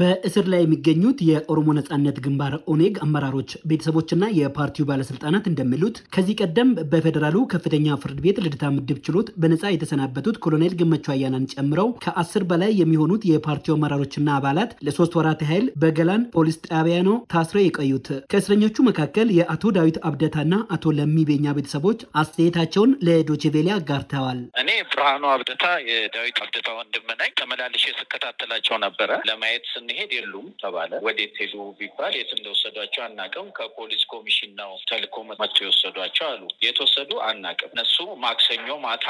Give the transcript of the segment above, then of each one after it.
በእስር ላይ የሚገኙት የኦሮሞ ነጻነት ግንባር ኦኔግ አመራሮች ቤተሰቦችና የፓርቲው ባለስልጣናት እንደሚሉት ከዚህ ቀደም በፌዴራሉ ከፍተኛ ፍርድ ቤት ልደታ ምድብ ችሎት በነፃ የተሰናበቱት ኮሎኔል ገመቹ አያናን ጨምረው ከአስር በላይ የሚሆኑት የፓርቲው አመራሮችና አባላት ለሶስት ወራት ያህል በገላን ፖሊስ ጣቢያ ነው ታስረው የቆዩት። ከእስረኞቹ መካከል የአቶ ዳዊት አብደታና አቶ ለሚቤኛ ቤተሰቦች አስተያየታቸውን ለዶችቬሌ አጋርተዋል። እኔ ብርሃኑ አብደታ የዳዊት አብደታ ወንድም ነኝ። ተመላልሼ ስከታተላቸው ነበረ ለማየት ስንሄድ የሉም ተባለ። ወዴት ሄዱ ቢባል የት እንደወሰዷቸው አናቅም፣ ከፖሊስ ኮሚሽን ነው ተልኮ መጥቶ የወሰዷቸው አሉ። የተወሰዱ አናቅም። እነሱ ማክሰኞ ማታ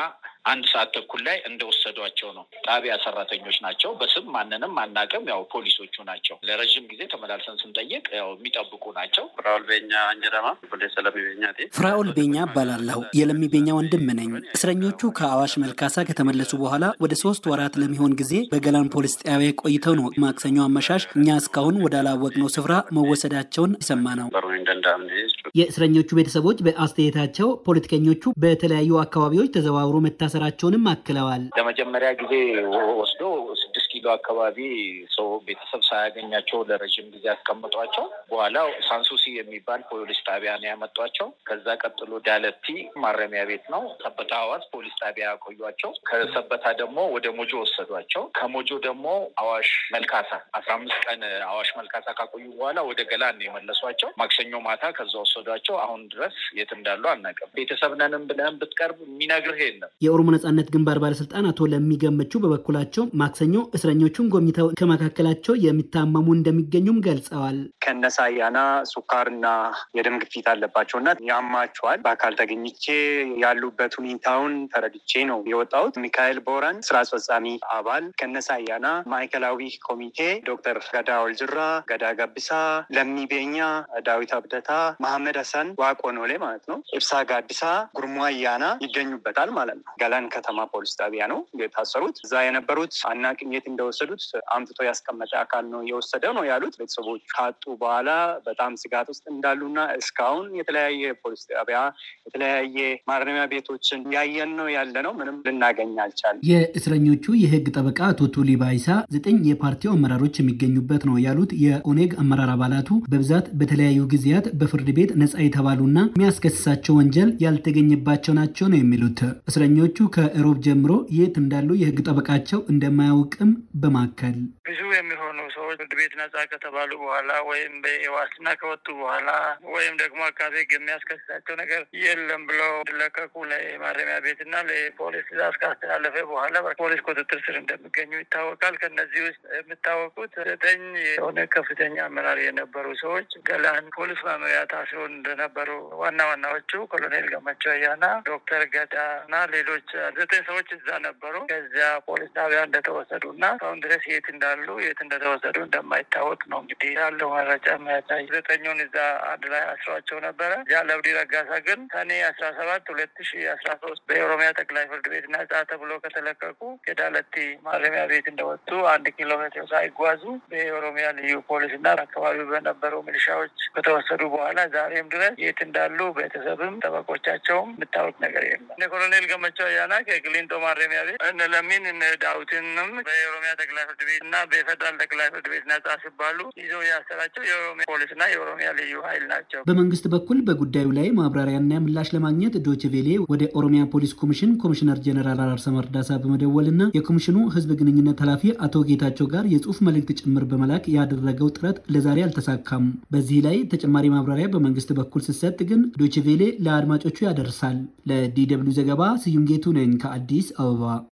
አንድ ሰዓት ተኩል ላይ እንደወሰዷቸው ነው። ጣቢያ ሰራተኞች ናቸው። በስም ማንንም አናውቅም። ያው ፖሊሶቹ ናቸው። ለረዥም ጊዜ ተመላልሰን ስንጠይቅ ያው የሚጠብቁ ናቸው። ፍራኦል ቤኛ እንጀራማ ፍራውል ቤኛ እባላለሁ። የለሚ ቤኛ ወንድም ነኝ። እስረኞቹ ከአዋሽ መልካሳ ከተመለሱ በኋላ ወደ ሶስት ወራት ለሚሆን ጊዜ በገላን ፖሊስ ጣቢያ ቆይተው ነው ማክሰኞ አመሻሽ እኛ እስካሁን ወዳላወቅነው ስፍራ መወሰዳቸውን ይሰማ ነው። የእስረኞቹ ቤተሰቦች በአስተያየታቸው ፖለቲከኞቹ በተለያዩ አካባቢዎች ተዘዋውሮ መታ ስራቸውንም አክለዋል። ለመጀመሪያ ጊዜ ወስዶ ኪሎ አካባቢ ሰው ቤተሰብ ሳያገኛቸው ለረዥም ጊዜ ያስቀምጧቸው። በኋላ ሳንሱሲ የሚባል ፖሊስ ጣቢያ ነው ያመጧቸው። ከዛ ቀጥሎ ዳለቲ ማረሚያ ቤት ነው። ሰበታ አዋስ ፖሊስ ጣቢያ ያቆዩቸው። ከሰበታ ደግሞ ወደ ሞጆ ወሰዷቸው። ከሞጆ ደግሞ አዋሽ መልካሳ አስራ አምስት ቀን አዋሽ መልካሳ ካቆዩ በኋላ ወደ ገላን ነው የመለሷቸው። ማክሰኞ ማታ ከዛ ወሰዷቸው። አሁን ድረስ የት እንዳሉ አናውቅም። ቤተሰብ ነንም ብለህም ብትቀርብ የሚነግርህ የለም። የኦሮሞ ነጻነት ግንባር ባለስልጣን አቶ ለሚገመቹ በበኩላቸው ማክሰኞ እስረኞቹን ጎብኝተው ከመካከላቸው የሚታመሙ እንደሚገኙም ገልጸዋል። ከነሳያና ሱካርና የደም ግፊት አለባቸው እና ያማቸዋል። በአካል ተገኝቼ ያሉበት ሁኔታውን ተረድቼ ነው የወጣሁት። ሚካኤል ቦረን ስራ አስፈጻሚ አባል ከነሳያና ማዕከላዊ ኮሚቴ ዶክተር ገዳ ወልጅራ፣ ገዳ ገብሳ፣ ለሚቤኛ፣ ዳዊት አብደታ፣ መሐመድ ሀሰን ዋቆኖሌ ማለት ነው፣ እብሳ ጋዲሳ፣ ጉርሙ አያና ይገኙበታል ማለት ነው። ገላን ከተማ ፖሊስ ጣቢያ ነው የታሰሩት። እዛ የነበሩት አናቅኘት እንደወሰዱት አምፍቶ ያስቀመጠ አካል ነው የወሰደው ነው ያሉት። ቤተሰቦች ካጡ በኋላ በጣም ስጋት ውስጥ እንዳሉና እስካሁን የተለያየ ፖሊስ ጣቢያ የተለያየ ማረሚያ ቤቶችን ያየን ነው ያለ ነው። ምንም ልናገኝ አልቻለም የእስረኞቹ የህግ ጠበቃ አቶ ቱሊ ባይሳ ዘጠኝ የፓርቲው አመራሮች የሚገኙበት ነው ያሉት። የኦኔግ አመራር አባላቱ በብዛት በተለያዩ ጊዜያት በፍርድ ቤት ነጻ የተባሉና የሚያስከስሳቸው ወንጀል ያልተገኘባቸው ናቸው ነው የሚሉት። እስረኞቹ ከእሮብ ጀምሮ የት እንዳሉ የህግ ጠበቃቸው እንደማያውቅም በማከል ብዙ የሚሆኑ ሰዎች ፍርድ ቤት ነጻ ከተባሉ በኋላ ወይም በዋስትና ከወጡ በኋላ ወይም ደግሞ አካባቢ ሕግ የሚያስከስታቸው ነገር የለም ብለው ለቀቁ ለማረሚያ ቤትና ለፖሊስ ትዕዛዝ ካስተላለፈ በኋላ በፖሊስ ቁጥጥር ስር እንደሚገኙ ይታወቃል። ከነዚህ ውስጥ የምታወቁት ዘጠኝ የሆነ ከፍተኛ አመራር የነበሩ ሰዎች ገላን ፖሊስ መምሪያ ታስሮ እንደነበሩ ዋና ዋናዎቹ ኮሎኔል ገመቸው አያና፣ ዶክተር ገዳ እና ሌሎች ዘጠኝ ሰዎች እዛ ነበሩ። ከዚያ ፖሊስ ጣቢያ እንደተወሰዱ እና አሁን ድረስ የት እንዳሉ የት እንደተወሰዱ እንደማይታወቅ ነው እንግዲህ ያለው መረጃ የሚያሳይ። ዘጠኙን እዛ አንድ ላይ አስሯቸው ነበረ። እዚያ ለብዲ ረጋሳ ግን ሰኔ አስራ ሰባት ሁለት ሺ አስራ ሶስት በኦሮሚያ ጠቅላይ ፍርድ ቤት ነጻ ተብሎ ከተለቀቁ ኬዳለቲ ማረሚያ ቤት እንደወጡ አንድ ኪሎ ሜትር ሳይጓዙ በኦሮሚያ ልዩ ፖሊስ እና አካባቢው በነበሩ ሚሊሻዎች ከተወሰዱ በኋላ ዛሬም ድረስ የት እንዳሉ ቤተሰብም ጠበቆቻቸውም የምታወቅ ነገር የለም። እነ ኮሎኔል ገመቸው አያና ከቅሊንጦ ማረሚያ ቤት እነ ለሚን እነ ዳዊትንም የኦሮሚያ ጠቅላይ ፍርድ ቤት እና በፌደራል ጠቅላይ ፍርድ ቤት ነጻ ሲባሉ ይዘው ያሰራቸው የኦሮሚያ ፖሊስ የኦሮሚያ ልዩ ኃይል ናቸው። በመንግስት በኩል በጉዳዩ ላይ ማብራሪያና ምላሽ ለማግኘት ዶችቬሌ ወደ ኦሮሚያ ፖሊስ ኮሚሽን ኮሚሽነር ጀኔራል አራርሰማ መርዳሳ በመደወል የኮሚሽኑ ህዝብ ግንኙነት ኃላፊ አቶ ጌታቸው ጋር የጽሁፍ መልእክት ጭምር በመላክ ያደረገው ጥረት ለዛሬ አልተሳካም። በዚህ ላይ ተጨማሪ ማብራሪያ በመንግስት በኩል ስሰጥ ግን ዶችቬሌ ለአድማጮቹ ያደርሳል። ለዲ ዘገባ ስዩም ጌቱ ነኝ ከአዲስ አበባ።